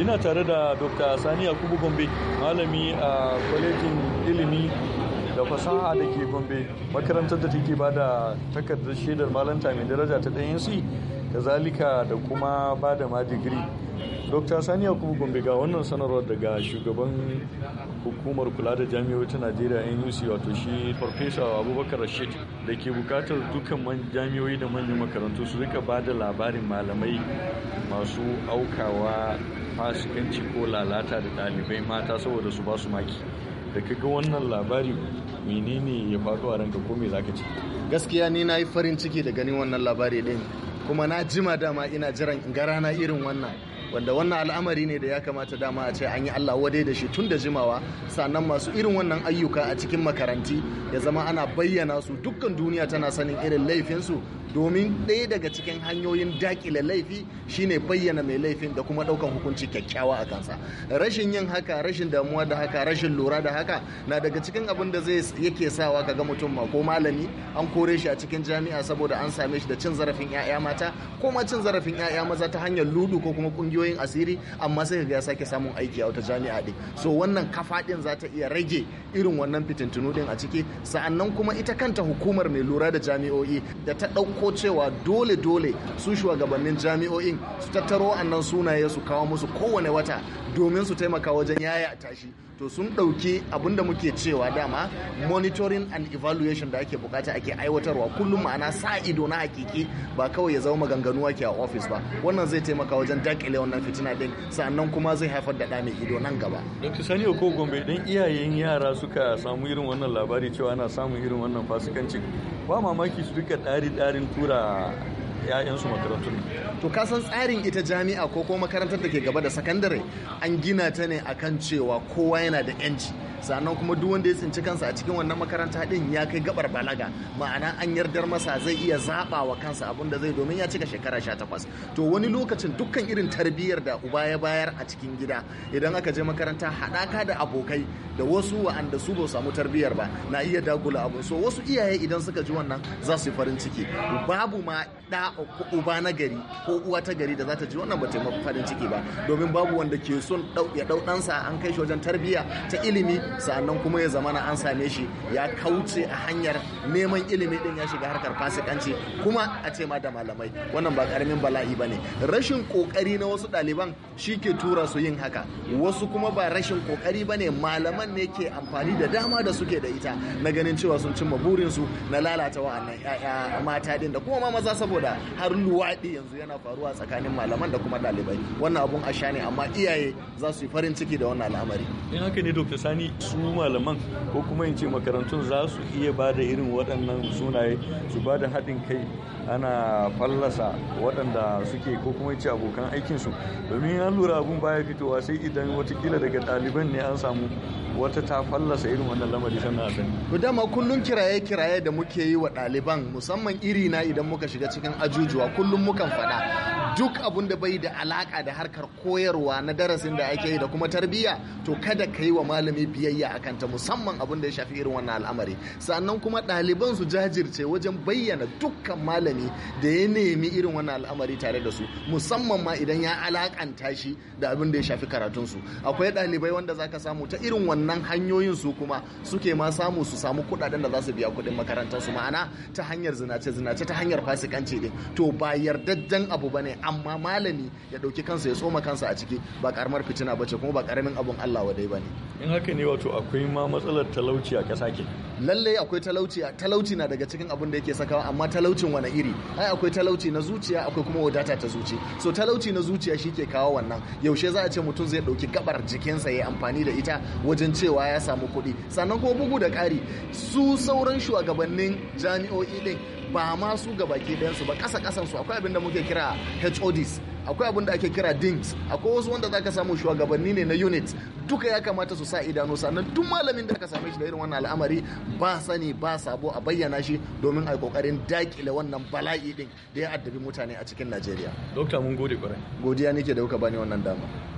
ina tare da dr sani yakubu gombe malami a kwalejin ilimi da fasaha da ke gombe makarantar da take ba da takardar shaidar malanta mai daraja ta ɗayan si kazalika da kuma ba da ma digiri dr sani yakubu gombe ga wannan sanarwar daga shugaban hukumar kula da jami'o'i ta najeriya nuc wato shi farfesa abubakar rashid da ke bukatar dukkan jami'o'i da manyan makarantu su rika ba da labarin malamai masu aukawa fasikanci ko lalata da ɗalibai mata saboda su basu maki da kaga wannan labari menene ya faru a ranka ko me zaka ce gaskiya ni na yi farin ciki da ganin wannan labari din kuma na jima dama ina jiran in ga rana irin wannan wanda wannan al'amari ne da ya kamata dama a ce an yi Allah wadai da shi tun da jimawa sannan masu irin wannan ayyuka a cikin makaranti ya zama ana bayyana su dukkan duniya tana sanin irin laifinsu domin ɗaya daga cikin hanyoyin dakile laifi shine bayyana mai laifin da kuma ɗaukan hukunci kyakkyawa a kansa rashin yin haka rashin damuwa da haka rashin lura da haka na daga cikin abin da zai yake sawa kaga mutum ma ko malami an kore shi a cikin jami'a saboda an same shi da cin zarafin 'ya'ya mata ko ma cin zarafin 'ya'ya maza ta hanyar ludu ko kuma ƙungiyoyi kungiyoyin asiri amma sai ga sake samun aiki a wata jami'a din so wannan kafa din za ta iya rage irin wannan fitintunu din a ciki sa'annan kuma ita kanta hukumar mai lura da jami'o'i da ta ɗauko cewa dole dole su shugabannin jami'o'in su tattaro annan sunaye su kawo musu kowane wata domin su taimaka wajen yaya tashi to sun ɗauki abin da muke cewa dama monitoring and evaluation da ake bukata ake aiwatarwa kullum ma'ana sa ido na hakiki ba kawai ya zama maganganu ake a ofis ba wannan zai taimaka wajen dakile wannan fitina din sannan kuma zai haifar da ɗa mai ido nan gaba dr sani ko gombe dan iyayen yara suka samu irin wannan labari cewa ana samun irin wannan fasikanci ba mamaki su duka ɗari ɗarin tura ‘ya'yansu makarantun. To kasan tsarin ita jami'a ko ko makarantar da ke gaba da sakandare an gina ta ne akan cewa kowa yana da ‘yanci. sannan kuma duk wanda ya tsinci kansa a cikin wannan makaranta din ya kai gabar balaga ma'ana an yardar masa zai iya zaɓa wa kansa abin da zai domin ya cika shekara sha to wani lokacin dukkan irin tarbiyyar da uba ya bayar a cikin gida idan aka je makaranta haɗaka da abokai da wasu wa'anda su ba samu tarbiyyar ba na iya dagula abin so wasu iyaye idan suka ji wannan za su yi farin ciki babu ma da uba na gari ko uwa ta gari da za ta ji wannan ba taimaka farin ciki ba domin babu wanda ke son ya ɗau ɗansa an kai shi wajen tarbiyya ta ilimi sa'annan kuma ya zama na an same shi ya kauce a hanyar neman ilimi din ya shiga harkar fasikanci kuma a ce ma da malamai wannan ba karamin bala'i ba rashin kokari na wasu ɗaliban shi ke tura su yin haka wasu kuma ba rashin kokari ba ne malaman ne ke amfani da dama da suke da ita na ganin cewa sun cimma burin su na lalata wa'annan 'ya'ya mata din da kuma ma maza saboda har luwaɗi yanzu yana faruwa tsakanin malaman da kuma ɗalibai wannan abun asha ne amma iyaye za su yi farin ciki da wannan al'amari in haka ne dr sani su malaman ko kuma in ce makarantun za su iya ba da irin waɗannan sunaye su ba da haɗin kai ana fallasa waɗanda suke ko kuma ce abokan aikinsu domin an lura abun baya fitowa sai idan watakila daga ɗaliban ne an samu wata ta fallasa irin wannan lamari sannan a sani. ku dama kullum kiraye-kiraye da muke yi wa ɗaliban musamman iri na idan muka shiga cikin ajujuwa kullum mukan faɗa duk abun da bai da alaka da harkar koyarwa na darasin da ake yi da kuma tarbiyya to kada ka yi wa malami biyayya akan ta musamman abun da ya shafi irin wannan al'amari sannan kuma ɗaliban su jajirce wajen bayyana dukkan malami da ya nemi irin wannan al'amari tare da su musamman ma idan ya alakanta shi da abin da ya shafi karatun su akwai ɗalibai wanda zaka samu ta irin wannan hanyoyin su kuma suke ma samu su samu kuɗaɗen da za su biya kuɗin makarantar su ma'ana ta hanyar zinace zinace ta hanyar fasikanci din to ba yardaddan abu bane amma malami ya ɗauki kansa ya tsoma kansa a ciki ba karamar fitina ba ce kuma ba karamin abun Allah wadai ba ne in haka ne wato akwai ma matsalar talauci a ƙasa ke lallai akwai talauci talauci na daga cikin abin da yake sakawa amma talaucin wani iri ai akwai talauci na zuciya akwai kuma wadata ta zuci so talauci na zuciya shi ke kawo wannan yaushe za a ce mutum zai ɗauki gabar jikinsa ya amfani da ita wajen cewa ya samu kuɗi sannan kuma bugu da ƙari su sauran shugabannin jami'o'i din ba ma su ga baki ɗayansu ba ƙasa ƙasansu akwai abin da muke kira HODs akwai abin da ake kira dings akwai wasu wanda zaka samu shugabanni ne na unit duka ya kamata su sa idanu sannan duk malamin da aka same shi da irin wannan al'amari ba sani ba sabo a bayyana shi domin a kokarin dakile wannan bala'i din da ya addabi mutane a cikin Najeriya. Dokta mun gode kwarai. Godiya nake da kuka bani wannan dama.